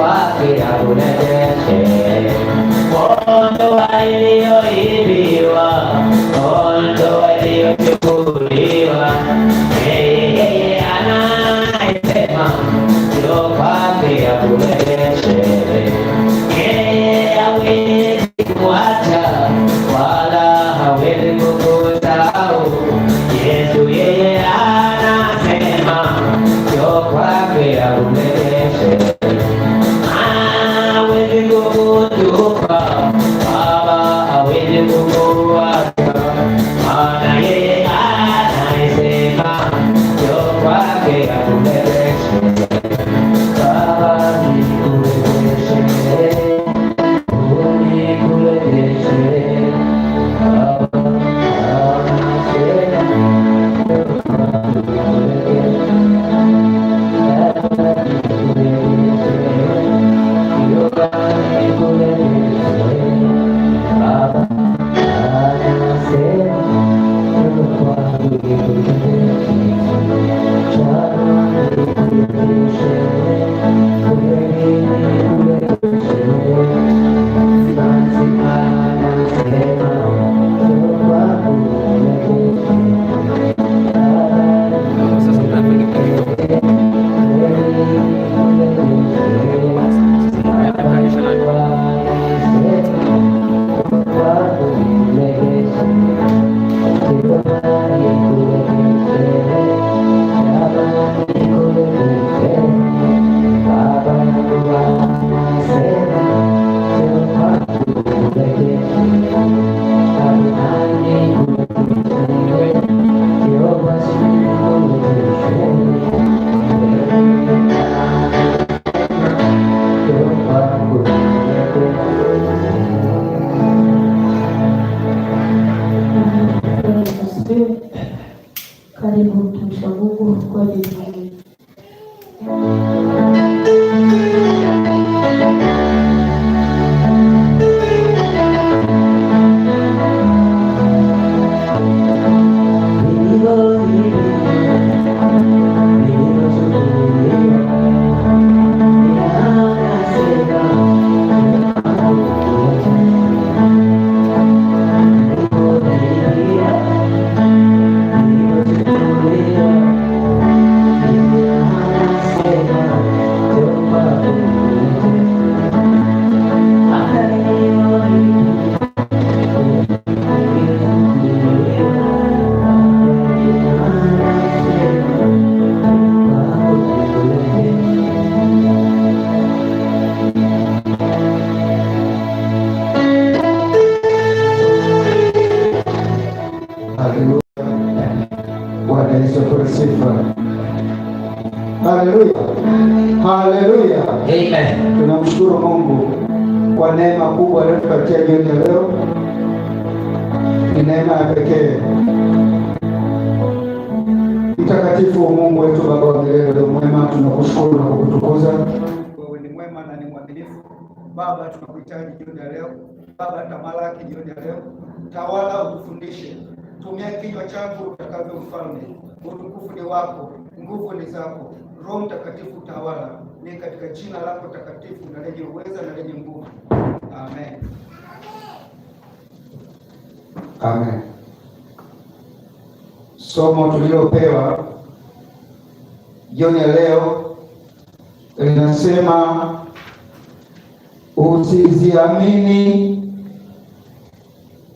รักที่เราได้เจอคนไว้ Bwana Yesu apewe sifa. Haleluya, haleluya, amen. Tunamshukuru Mungu kwa neema kubwa aliyotupatia jioni ya leo, ni neema ya pekee. Mtakatifu wa Mungu wetu, Baba wa milele, mwema, tunakushukuru na kukutukuza. Wewe ni mwema na ni mwaminifu. Baba, tunakuhitaji jioni ya leo. Baba, tamalaki jioni ya leo, tawala, utufundishe tumia kinywa changu utakavyo, mfalme. Utukufu ni wako, nguvu ni zako. Roho Mtakatifu utawala, ni katika jina lako takatifu na lenye uweza na lenye nguvu. Amen, amen. Somo tuliopewa jioni ya leo linasema usiziamini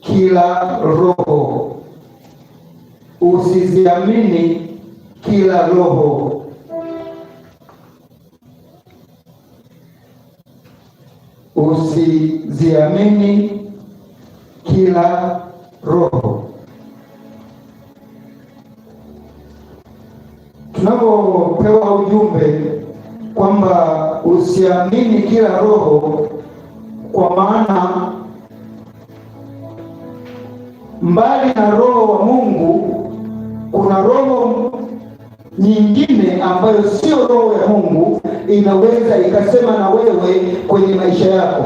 kila roho usiziamini kila roho. Usiziamini kila roho. Tunapopewa ujumbe kwamba usiamini kila roho, kwa maana mbali na roho wa Mungu kuna roho nyingine ambayo sio roho ya Mungu inaweza ikasema na wewe kwenye maisha yako,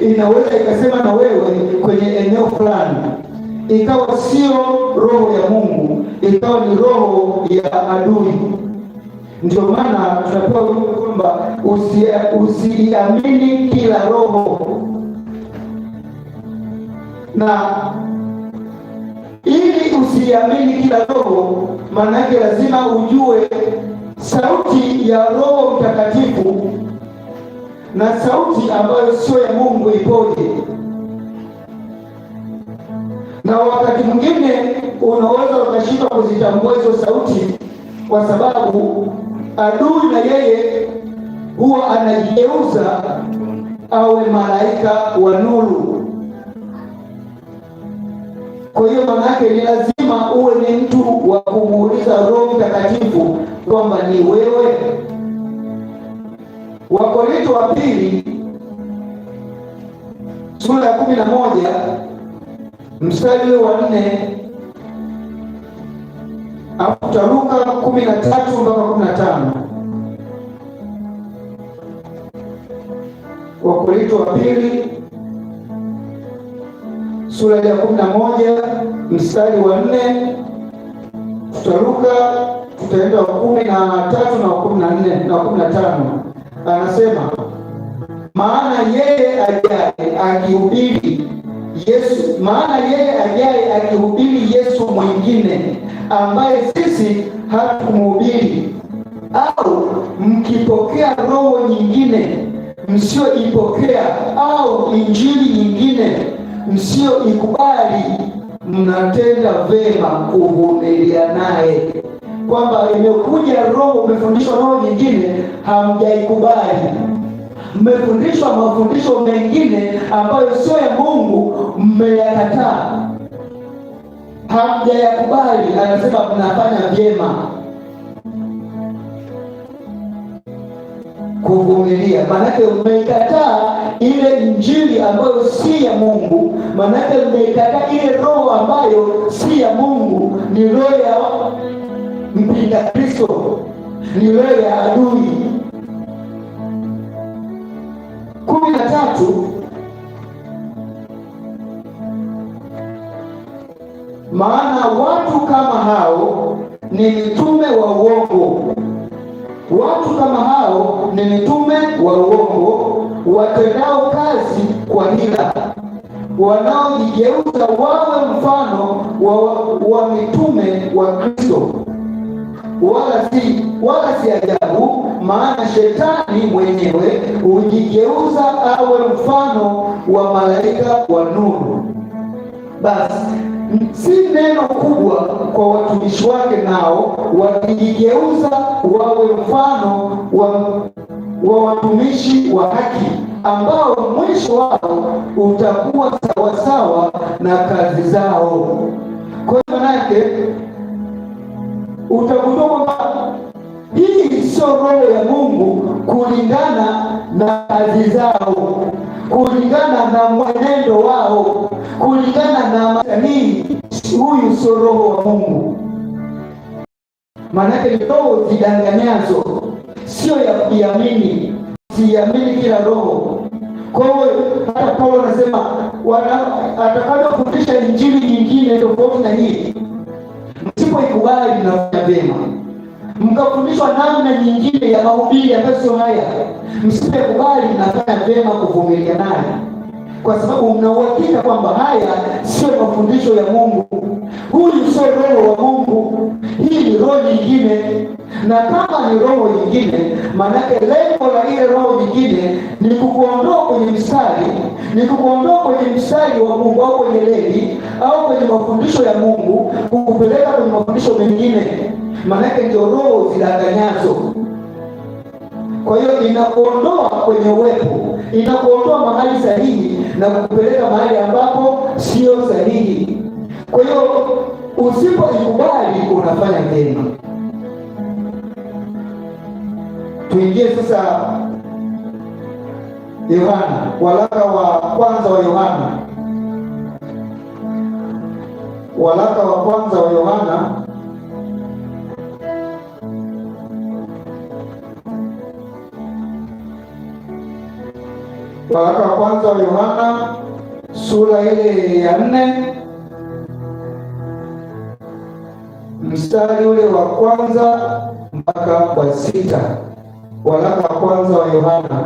inaweza ikasema na wewe kwenye eneo fulani, ikawa sio roho ya Mungu, ikawa ni roho ya adui. Ndio maana tunapewa kwamba usiamini kila roho na ili usiamini kila roho, maana yake lazima ujue sauti ya Roho Mtakatifu na sauti ambayo sio ya Mungu ipoje. Na wakati mwingine unaweza ukashindwa kuzitambua hizo sauti, kwa sababu adui na yeye huwa anajigeuza awe malaika wa nuru kwa hiyo maana yake ni lazima uwe ni mtu wa kumuuliza Roho Mtakatifu kwamba ni wewe. wakorinto wa pili sura ya kumi na moja mstari wa nne akutaruka kumi na tatu mpaka kumi na tano Wakorintho wa pili sura ya kumi na moja mstari wa nne tutaruka tutaenda wa kumi na tatu na wa kumi na nne na wa kumi na tano anasema maana yeye ajaye akihubiri Yesu, maana yeye ajaye akihubiri Yesu mwingine ambaye sisi hatumhubiri, au mkipokea roho nyingine msioipokea, au injili nyingine msioikubali mnatenda vema kuvumilia naye, kwamba imekuja roho, umefundishwa roho nyingine, hamjaikubali mmefundishwa mafundisho mengine ambayo sio ya Mungu, mmeyakataa, hamjayakubali. Anasema mnafanya vyema kuvumilia, maanake umeikataa ile injili ambayo si ya Mungu, maanake umeikataa ile roho ambayo si ya Mungu, ni roho ya mpinga Kristo, ni roho ya adui. kumi na tatu maana watu kama hao ni mitume wa uongo Watu kama hao ni mitume wa uongo watendao kazi kwa hila, wanaojigeuza wawe mfano wa, wa mitume wa Kristo. Wala si wala si ajabu, maana shetani mwenyewe hujigeuza awe mfano wa malaika wa nuru basi si neno kubwa kwa watumishi wake, nao wakijigeuza wawe mfano wa, wa watumishi wa haki ambao mwisho wao utakuwa sawasawa na kazi zao. Kwa hiyo manake utagundua kwamba hii sio roho ya Mungu kulingana na kazi zao kulingana na mwenendo wao, kulingana na hii. Huyu sio roho wa Mungu, maanake ni roho zidanganyazo, sio ya kuiamini. Siamini kila roho. Kwa hiyo hata Paulo anasema atakayofundisha injili nyingine tofauti na hii, msipoikubali mnafanya vyema mkafundishwa namna nyingine ya mahubiri ambayo sio haya. kubali. nafanya vyema kuvumilia naye, kwa sababu mnauhakika kwamba haya sio mafundisho ya Mungu. Huyu sio roho wa Mungu, hii ni roho nyingine na kama ni roho nyingine, maanake lengo la ile roho nyingine ni kukuondoa kwenye mstari, ni kukuondoa kwenye mstari wa Mungu au kwenye leli au kwenye mafundisho ya Mungu, kukupeleka kwenye mafundisho mengine, maanake ndio roho zidanganyazo. Kwa hiyo inakuondoa kwenye uwepo, inakuondoa mahali sahihi na kukupeleka mahali ambapo sio sahihi. Kwa hiyo usipoikubali unafanya vyema. Tuingie sasa Yohana, waraka wa kwanza wa Yohana, waraka wa kwanza wa Yohana waraka wa kwanza wa Yohana sura ile ya nne mstari ule wa kwanza mpaka wa sita. Waraka wa kwanza wa Yohana